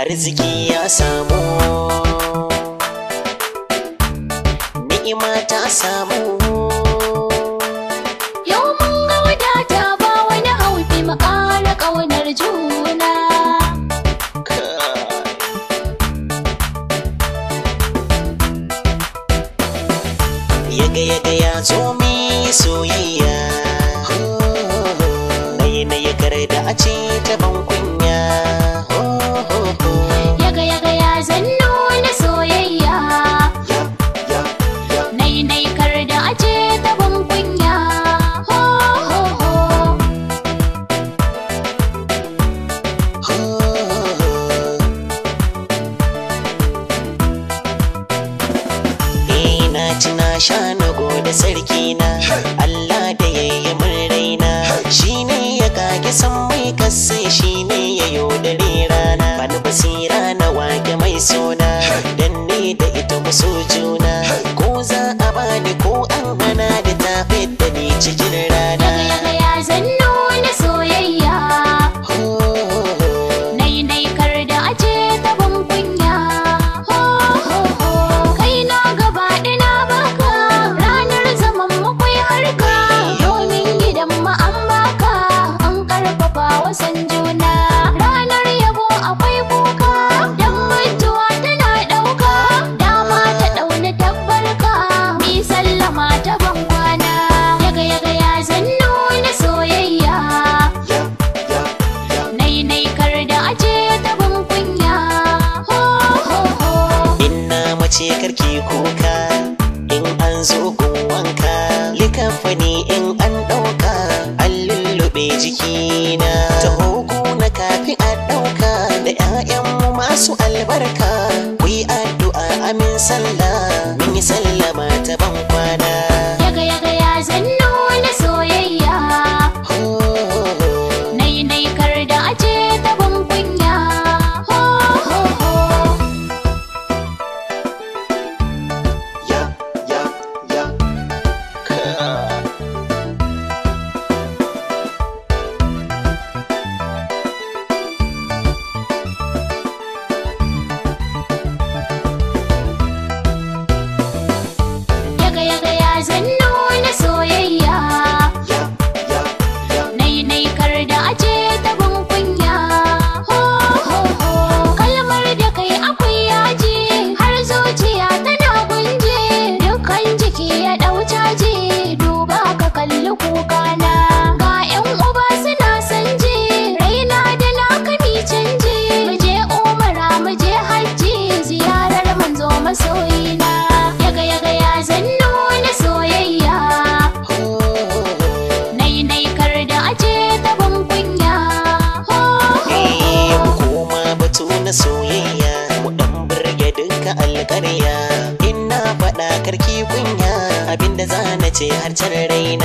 arziki ya samu ni'ima ta samu yau mun ga wadata ba wani haufi makara ƙaunar juna yaga yaga ya zo mi soyayya mai na ya kare da ta ban da sarki na Allah da yayi mun raina shine ya kage san mai kasse shine ya yodare rana bani basira na wake mai suna dan ne da ita musu juna ko za a bani ko an gana da tafi da ni cikin jikina taho na kafin a ɗauka da 'ya'yanmu masu albarka ku yi addu'a amin sallah mun yi sallama ce har can raina